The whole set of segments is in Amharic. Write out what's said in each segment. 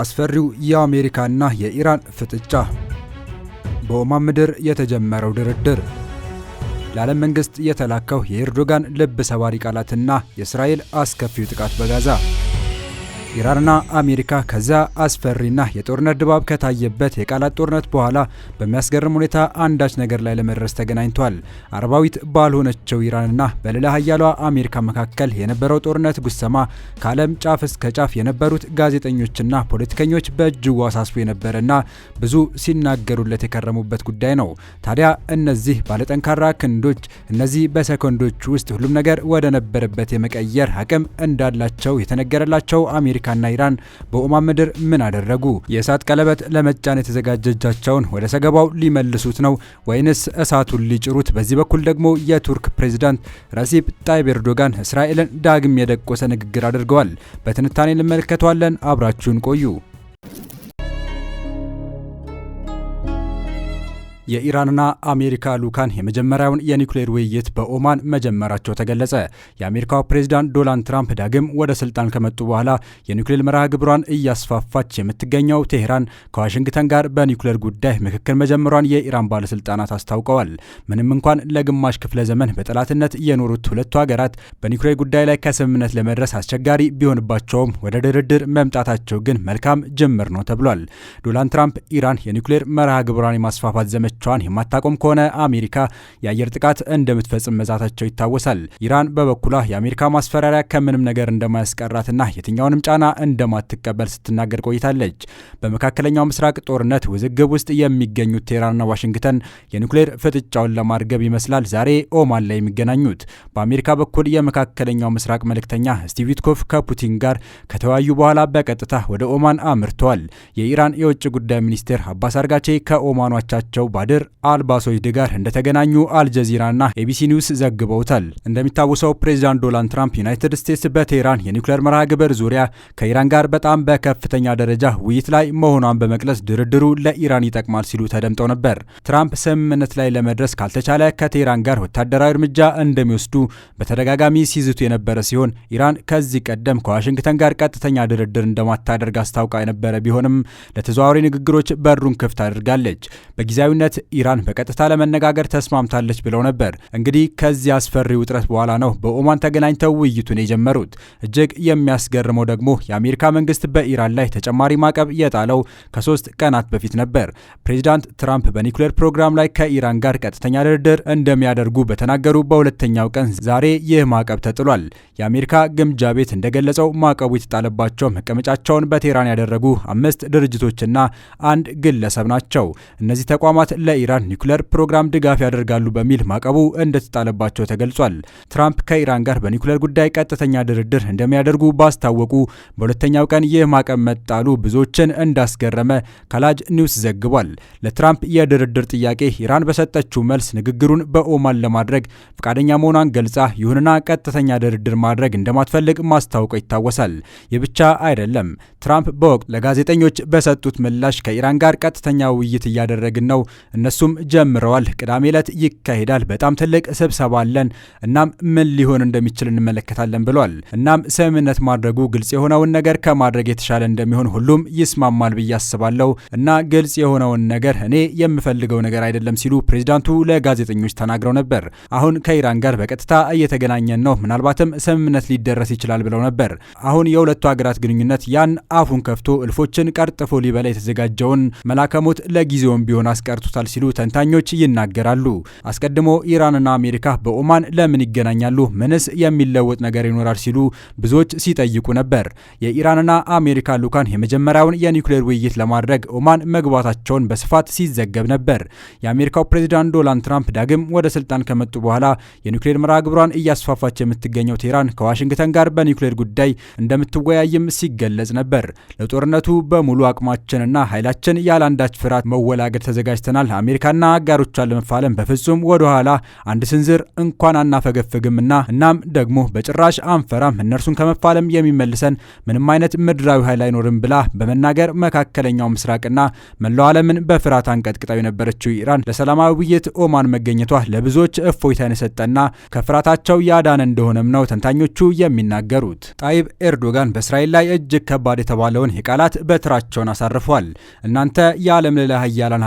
አስፈሪው የአሜሪካና የኢራን ፍጥጫ፣ በኦማን ምድር የተጀመረው ድርድር፣ ለዓለም መንግሥት የተላከው የኤርዶጋን ልብ ሰባሪ ቃላትና የእስራኤል አስከፊው ጥቃት በጋዛ ኢራንና አሜሪካ ከዚያ አስፈሪና የጦርነት ድባብ ከታየበት የቃላት ጦርነት በኋላ በሚያስገርም ሁኔታ አንዳች ነገር ላይ ለመድረስ ተገናኝቷል። አረባዊት ባልሆነችው ኢራንና በሌላ ሀያሏ አሜሪካ መካከል የነበረው ጦርነት ጉሰማ ከዓለም ጫፍ እስከ ጫፍ የነበሩት ጋዜጠኞችና ፖለቲከኞች በእጅጉ አሳስቦ የነበረና ብዙ ሲናገሩለት የከረሙበት ጉዳይ ነው። ታዲያ እነዚህ ባለጠንካራ ክንዶች እነዚህ በሰኮንዶች ውስጥ ሁሉም ነገር ወደ ነበረበት የመቀየር አቅም እንዳላቸው የተነገረላቸው አሜሪካ አሜሪካና ኢራን በኦማን ምድር ምን አደረጉ? የእሳት ቀለበት ለመጫን የተዘጋጀ እጃቸውን ወደ ሰገባው ሊመልሱት ነው ወይንስ እሳቱን ሊጭሩት? በዚህ በኩል ደግሞ የቱርክ ፕሬዚዳንት ረሲፕ ጣይብ ኤርዶጋን እስራኤልን ዳግም የደቆሰ ንግግር አድርገዋል። በትንታኔ እንመለከተዋለን። አብራችሁን ቆዩ። የኢራንና አሜሪካ ሉካን የመጀመሪያውን የኒውክሌር ውይይት በኦማን መጀመራቸው ተገለጸ። የአሜሪካው ፕሬዚዳንት ዶናልድ ትራምፕ ዳግም ወደ ስልጣን ከመጡ በኋላ የኒውክሌር መርሃ ግብሯን እያስፋፋች የምትገኘው ቴሄራን ከዋሽንግተን ጋር በኒውክሌር ጉዳይ ምክክር መጀመሯን የኢራን ባለስልጣናት አስታውቀዋል። ምንም እንኳን ለግማሽ ክፍለ ዘመን በጠላትነት የኖሩት ሁለቱ ሀገራት በኒውክሌር ጉዳይ ላይ ከስምምነት ለመድረስ አስቸጋሪ ቢሆንባቸውም ወደ ድርድር መምጣታቸው ግን መልካም ጅምር ነው ተብሏል። ዶናልድ ትራምፕ ኢራን የኒውክሌር መርሃ ግብሯን የማስፋፋት ዘመቻ ዘመቻዋን የማታቆም ከሆነ አሜሪካ የአየር ጥቃት እንደምትፈጽም መዛታቸው ይታወሳል። ኢራን በበኩሏ የአሜሪካ ማስፈራሪያ ከምንም ነገር እንደማያስቀራትና የትኛውንም ጫና እንደማትቀበል ስትናገር ቆይታለች። በመካከለኛው ምስራቅ ጦርነት ውዝግብ ውስጥ የሚገኙት ቴህራንና ዋሽንግተን የኒውክሌር ፍጥጫውን ለማርገብ ይመስላል ዛሬ ኦማን ላይ የሚገናኙት። በአሜሪካ በኩል የመካከለኛው ምስራቅ መልእክተኛ ስቲቭ ዊትኮፍ ከፑቲን ጋር ከተወያዩ በኋላ በቀጥታ ወደ ኦማን አምርተዋል። የኢራን የውጭ ጉዳይ ሚኒስቴር አባስ አርጋቼ ከኦማኗቻቸው ባድር አልባሶች ድጋር እንደተገናኙ አልጀዚራና ኤቢሲ ኒውስ ዘግበውታል። እንደሚታወሰው ፕሬዚዳንት ዶናልድ ትራምፕ ዩናይትድ ስቴትስ በቴህራን የኒውክሌር መርሃ ግብር ዙሪያ ከኢራን ጋር በጣም በከፍተኛ ደረጃ ውይይት ላይ መሆኗን በመግለጽ ድርድሩ ለኢራን ይጠቅማል ሲሉ ተደምጠው ነበር። ትራምፕ ስምምነት ላይ ለመድረስ ካልተቻለ ከቴህራን ጋር ወታደራዊ እርምጃ እንደሚወስዱ በተደጋጋሚ ሲዝቱ የነበረ ሲሆን ኢራን ከዚህ ቀደም ከዋሽንግተን ጋር ቀጥተኛ ድርድር እንደማታደርግ አስታውቃ የነበረ ቢሆንም ለተዘዋዋሪ ንግግሮች በሩን ክፍት አድርጋለች። በጊዜያዊነት ኢራን በቀጥታ ለመነጋገር ተስማምታለች ብለው ነበር። እንግዲህ ከዚህ አስፈሪ ውጥረት በኋላ ነው በኦማን ተገናኝተው ውይይቱን የጀመሩት። እጅግ የሚያስገርመው ደግሞ የአሜሪካ መንግስት በኢራን ላይ ተጨማሪ ማዕቀብ የጣለው ከሶስት ቀናት በፊት ነበር። ፕሬዚዳንት ትራምፕ በኒውክሌር ፕሮግራም ላይ ከኢራን ጋር ቀጥተኛ ድርድር እንደሚያደርጉ በተናገሩ በሁለተኛው ቀን ዛሬ ይህ ማዕቀብ ተጥሏል። የአሜሪካ ግምጃ ቤት እንደገለጸው ማዕቀቡ የተጣለባቸው መቀመጫቸውን በቴህራን ያደረጉ አምስት ድርጅቶችና አንድ ግለሰብ ናቸው። እነዚህ ተቋማት ለኢራን ኒውክለር ፕሮግራም ድጋፍ ያደርጋሉ በሚል ማዕቀቡ እንደተጣለባቸው ተገልጿል። ትራምፕ ከኢራን ጋር በኒውክለር ጉዳይ ቀጥተኛ ድርድር እንደሚያደርጉ ባስታወቁ በሁለተኛው ቀን ይህ ማዕቀብ መጣሉ ብዙዎችን እንዳስገረመ ካላጅ ኒውስ ዘግቧል። ለትራምፕ የድርድር ጥያቄ ኢራን በሰጠችው መልስ ንግግሩን በኦማን ለማድረግ ፈቃደኛ መሆኗን ገልጻ ይሁንና ቀጥተኛ ድርድር ማድረግ እንደማትፈልግ ማስታወቋ ይታወሳል። ይህ ብቻ አይደለም። ትራምፕ በወቅት ለጋዜጠኞች በሰጡት ምላሽ ከኢራን ጋር ቀጥተኛ ውይይት እያደረግን ነው፣ እነሱም ጀምረዋል። ቅዳሜ ዕለት ይካሄዳል። በጣም ትልቅ ስብሰባ አለን። እናም ምን ሊሆን እንደሚችል እንመለከታለን ብሏል። እናም ስምምነት ማድረጉ ግልጽ የሆነውን ነገር ከማድረግ የተሻለ እንደሚሆን ሁሉም ይስማማል ብዬ አስባለሁ እና ግልጽ የሆነውን ነገር እኔ የምፈልገው ነገር አይደለም ሲሉ ፕሬዚዳንቱ ለጋዜጠኞች ተናግረው ነበር። አሁን ከኢራን ጋር በቀጥታ እየተገናኘን ነው፣ ምናልባትም ስምምነት ሊደረስ ይችላል ብለው ነበር። አሁን የሁለቱ ሀገራት ግንኙነት ያን አፉን ከፍቶ እልፎችን ቀርጥፎ ሊበላ የተዘጋጀውን መላከሞት ለጊዜውም ቢሆን አስቀርቱታል ይገባል ሲሉ ተንታኞች ይናገራሉ። አስቀድሞ ኢራንና አሜሪካ በኦማን ለምን ይገናኛሉ? ምንስ የሚለወጥ ነገር ይኖራል? ሲሉ ብዙዎች ሲጠይቁ ነበር። የኢራንና አሜሪካ ሉካን የመጀመሪያውን የኒውክሌር ውይይት ለማድረግ ኦማን መግባታቸውን በስፋት ሲዘገብ ነበር። የአሜሪካው ፕሬዚዳንት ዶናልድ ትራምፕ ዳግም ወደ ስልጣን ከመጡ በኋላ የኒውክሌር መርሃ ግብሯን እያስፋፋች የምትገኘው ቴህራን ከዋሽንግተን ጋር በኒውክሌር ጉዳይ እንደምትወያይም ሲገለጽ ነበር። ለጦርነቱ በሙሉ አቅማችንና ኃይላችን ያለ አንዳች ፍርሃት መወላገድ ተዘጋጅተናል ተናግረዋል። አሜሪካና አጋሮቿን ለመፋለም በፍጹም ወደኋላ አንድ ስንዝር እንኳን አናፈገፍግምና እናም ደግሞ በጭራሽ አንፈራም፣ እነርሱን ከመፋለም የሚመልሰን ምንም አይነት ምድራዊ ኃይል አይኖርም ብላ በመናገር መካከለኛው ምስራቅና መላው ዓለምን በፍርሃት አንቀጥቅጣው የነበረችው ኢራን ለሰላማዊ ውይይት ኦማን መገኘቷ ለብዙዎች እፎይታን የሰጠና ከፍርሃታቸው ያዳነ እንደሆነም ነው ተንታኞቹ የሚናገሩት። ጣይብ ኤርዶጋን በእስራኤል ላይ እጅግ ከባድ የተባለውን የቃላት በትራቸውን አሳርፏል። እናንተ የዓለም ሌላ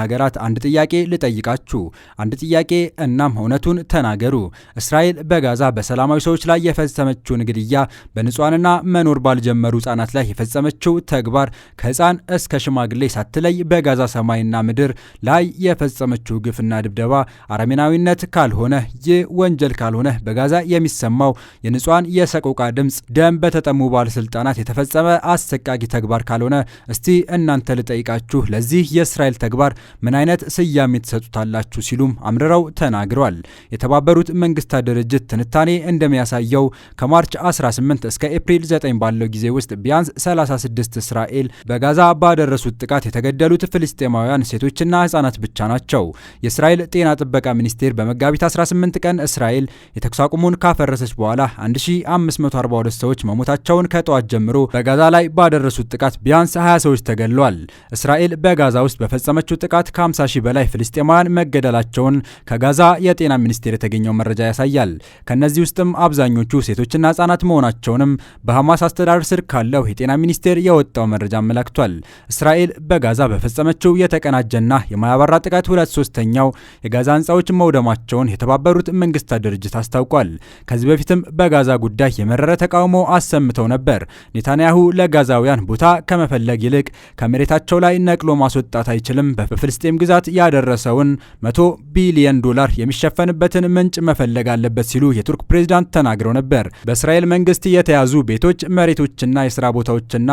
ሀገራት አንድ ጥያቄ ልጠይቃችሁ። አንድ ጥያቄ እናም እውነቱን ተናገሩ። እስራኤል በጋዛ በሰላማዊ ሰዎች ላይ የፈጸመችውን ግድያ፣ በንጹሐንና መኖር ባልጀመሩ ህጻናት ላይ የፈጸመችው ተግባር ከህፃን እስከ ሽማግሌ ሳትለይ በጋዛ ሰማይና ምድር ላይ የፈጸመችው ግፍና ድብደባ አረሜናዊነት ካልሆነ ይህ ወንጀል ካልሆነ በጋዛ የሚሰማው የንጹሐን የሰቆቃ ድምፅ ደም በተጠሙ ባለስልጣናት የተፈጸመ አሰቃቂ ተግባር ካልሆነ እስቲ እናንተ ልጠይቃችሁ ለዚህ የእስራኤል ተግባር ምን አይነት ስያሜ ትሰጡታላችሁ ሲሉም አምርረው ተናግረዋል። የተባበሩት መንግስታት ድርጅት ትንታኔ እንደሚያሳየው ከማርች 18 እስከ ኤፕሪል 9 ባለው ጊዜ ውስጥ ቢያንስ 36 እስራኤል በጋዛ ባደረሱት ጥቃት የተገደሉት ፍልስጤማውያን ሴቶችና ህጻናት ብቻ ናቸው። የእስራኤል ጤና ጥበቃ ሚኒስቴር በመጋቢት 18 ቀን እስራኤል የተኩስ አቁሙን ካፈረሰች በኋላ 1542 ሰዎች መሞታቸውን ከጠዋት ጀምሮ በጋዛ ላይ ባደረሱት ጥቃት ቢያንስ 20 ሰዎች ተገድለዋል። እስራኤል በጋዛ ውስጥ በፈጸመችው ጥቃት ከ50 ሺህ በላይ ፍልስጤማውያን መገደላቸውን ከጋዛ የጤና ሚኒስቴር የተገኘው መረጃ ያሳያል። ከእነዚህ ውስጥም አብዛኞቹ ሴቶችና ህጻናት መሆናቸውንም በሐማስ አስተዳደር ስር ካለው የጤና ሚኒስቴር የወጣው መረጃ አመላክቷል። እስራኤል በጋዛ በፈጸመችው የተቀናጀና የማያባራ ጥቃት ሁለት ሶስተኛው የጋዛ ህንፃዎች መውደማቸውን የተባበሩት መንግስታት ድርጅት አስታውቋል። ከዚህ በፊትም በጋዛ ጉዳይ የመረረ ተቃውሞ አሰምተው ነበር። ኔታንያሁ ለጋዛውያን ቦታ ከመፈለግ ይልቅ ከመሬታቸው ላይ ነቅሎ ማስወጣት አይችልም፣ በፍልስጤም ግዛት ያደረሰውን 100 ቢሊዮን ዶላር የሚሸፈንበትን ምንጭ መፈለግ አለበት ሲሉ የቱርክ ፕሬዚዳንት ተናግረው ነበር። በእስራኤል መንግስት የተያዙ ቤቶች፣ መሬቶችና የስራ ቦታዎችና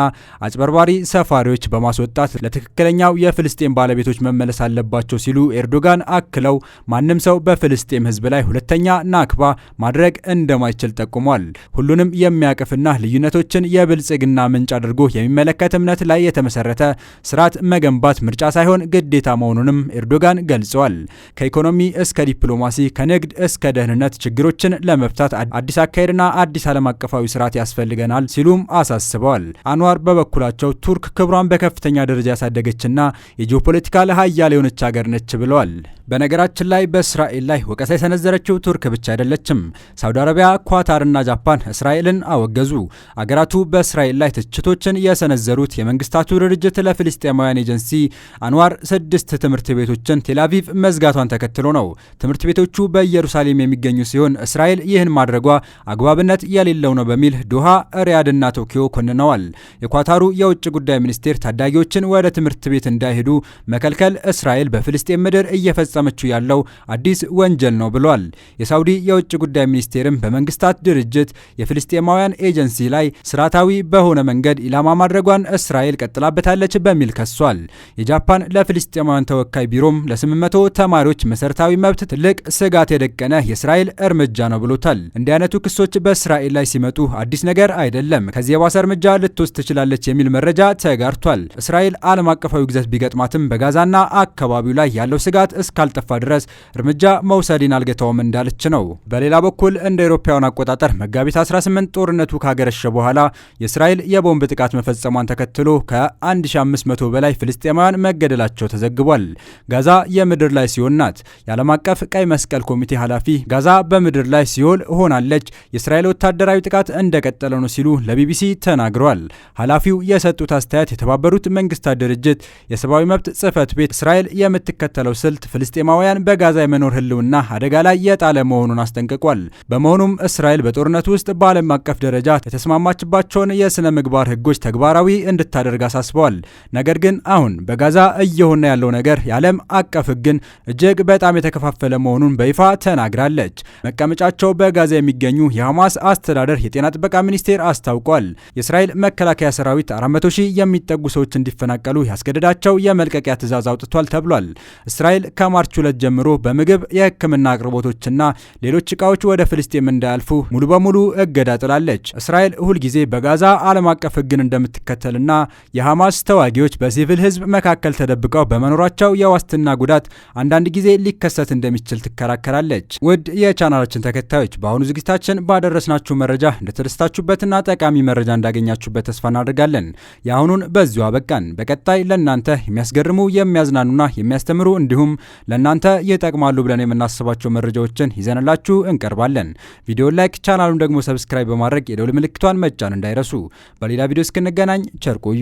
አጭበርባሪ ሰፋሪዎች በማስወጣት ለትክክለኛው የፍልስጤም ባለቤቶች መመለስ አለባቸው ሲሉ ኤርዶጋን አክለው ማንም ሰው በፍልስጤም ህዝብ ላይ ሁለተኛ ናክባ ማድረግ እንደማይችል ጠቁሟል። ሁሉንም የሚያቅፍና ልዩነቶችን የብልጽግና ምንጭ አድርጎ የሚመለከት እምነት ላይ የተመሰረተ ስርዓት መገንባት ምርጫ ሳይሆን ግዴታ መሆኑንም ኤርዶጋን ገልጸዋል። ከኢኮኖሚ እስከ ዲፕሎማሲ፣ ከንግድ እስከ ደህንነት ችግሮችን ለመፍታት አዲስ አካሄድና አዲስ ዓለም አቀፋዊ ስርዓት ያስፈልገናል ሲሉም አሳስበዋል። አንዋር በበኩላቸው ቱርክ ክብሯን በከፍተኛ ደረጃ ያሳደገችና የጂኦፖለቲካ ሀያል የሆነች ሀገር ነች ብለዋል። በነገራችን ላይ በእስራኤል ላይ ወቀሳ የሰነዘረችው ቱርክ ብቻ አይደለችም። ሳውዲ አረቢያ፣ ኳታርና ጃፓን እስራኤልን አወገዙ። አገራቱ በእስራኤል ላይ ትችቶችን የሰነዘሩት የመንግስታቱ ድርጅት ለፍልስጤማውያን ኤጀንሲ አንዋር ስድስት ትምህርት ቤቶችን ቴላቪቭ መዝጋቷን ተከትሎ ነው። ትምህርት ቤቶቹ በኢየሩሳሌም የሚገኙ ሲሆን እስራኤል ይህን ማድረጓ አግባብነት የሌለው ነው በሚል ዶሃ፣ ሪያድና ቶኪዮ ኮንነዋል። የኳታሩ የውጭ ጉዳይ ሚኒስቴር ታዳጊዎችን ወደ ትምህርት ቤት እንዳይሄዱ መከልከል እስራኤል በፍልስጤም ምድር እየፈጸ እየፈጸመችው ያለው አዲስ ወንጀል ነው ብሏል። የሳውዲ የውጭ ጉዳይ ሚኒስቴርም በመንግስታት ድርጅት የፍልስጤማውያን ኤጀንሲ ላይ ስርዓታዊ በሆነ መንገድ ኢላማ ማድረጓን እስራኤል ቀጥላበታለች በሚል ከሷል። የጃፓን ለፍልስጤማውያን ተወካይ ቢሮም ለ800 ተማሪዎች መሰረታዊ መብት ትልቅ ስጋት የደቀነ የእስራኤል እርምጃ ነው ብሎታል። እንዲህ አይነቱ ክሶች በእስራኤል ላይ ሲመጡ አዲስ ነገር አይደለም፣ ከዚህ የባሰ እርምጃ ልትወስድ ትችላለች የሚል መረጃ ተጋርቷል። እስራኤል ዓለም አቀፋዊ ግዘት ቢገጥማትም በጋዛና አካባቢው ላይ ያለው ስጋት እስካል እስካልጠፋ ድረስ እርምጃ መውሰድን አልገተውም እንዳለች ነው። በሌላ በኩል እንደ አውሮፓውያን አቆጣጠር መጋቢት 18 ጦርነቱ ካገረሸ በኋላ የእስራኤል የቦምብ ጥቃት መፈጸሟን ተከትሎ ከ1500 በላይ ፍልስጤማውያን መገደላቸው ተዘግቧል። ጋዛ የምድር ላይ ሲኦል ናት። የዓለም አቀፍ ቀይ መስቀል ኮሚቴ ኃላፊ ጋዛ በምድር ላይ ሲኦል ሆናለች፣ የእስራኤል ወታደራዊ ጥቃት እንደቀጠለ ነው ሲሉ ለቢቢሲ ተናግረዋል። ኃላፊው የሰጡት አስተያየት የተባበሩት መንግስታት ድርጅት የሰብአዊ መብት ጽህፈት ቤት እስራኤል የምትከተለው ስልት ፍልስ ፍልስጤማውያን በጋዛ የመኖር ህልውና አደጋ ላይ የጣለ መሆኑን አስጠንቅቋል። በመሆኑም እስራኤል በጦርነት ውስጥ በዓለም አቀፍ ደረጃ የተስማማችባቸውን የሥነ ምግባር ህጎች ተግባራዊ እንድታደርግ አሳስበዋል። ነገር ግን አሁን በጋዛ እየሆነ ያለው ነገር የዓለም አቀፍ ህግን እጅግ በጣም የተከፋፈለ መሆኑን በይፋ ተናግራለች። መቀመጫቸው በጋዛ የሚገኙ የሐማስ አስተዳደር የጤና ጥበቃ ሚኒስቴር አስታውቋል። የእስራኤል መከላከያ ሰራዊት 400 ሺህ የሚጠጉ ሰዎች እንዲፈናቀሉ ያስገደዳቸው የመልቀቂያ ትዕዛዝ አውጥቷል ተብሏል። እስራኤል ከማር ከማርች ሁለት ጀምሮ በምግብ የህክምና አቅርቦቶችና ሌሎች እቃዎች ወደ ፍልስጤም እንዳያልፉ ሙሉ በሙሉ እገዳ ጥላለች። እስራኤል ሁልጊዜ በጋዛ ዓለም አቀፍ ህግን እንደምትከተልና የሐማስ ተዋጊዎች በሲቪል ህዝብ መካከል ተደብቀው በመኖራቸው የዋስትና ጉዳት አንዳንድ ጊዜ ሊከሰት እንደሚችል ትከራከራለች። ውድ የቻናላችን ተከታዮች በአሁኑ ዝግጅታችን ባደረስናችሁ መረጃ እንደተደስታችሁበትና ጠቃሚ መረጃ እንዳገኛችሁበት ተስፋ እናደርጋለን። የአሁኑን በዚሁ አበቃን። በቀጣይ ለእናንተ የሚያስገርሙ የሚያዝናኑና የሚያስተምሩ እንዲሁም ለእናንተ ይጠቅማሉ ብለን የምናስባቸው መረጃዎችን ይዘንላችሁ እንቀርባለን። ቪዲዮ ላይክ፣ ቻናሉን ደግሞ ሰብስክራይብ በማድረግ የደውል ምልክቷን መጫን እንዳይረሱ። በሌላ ቪዲዮ እስክንገናኝ ቸር ቆዩ።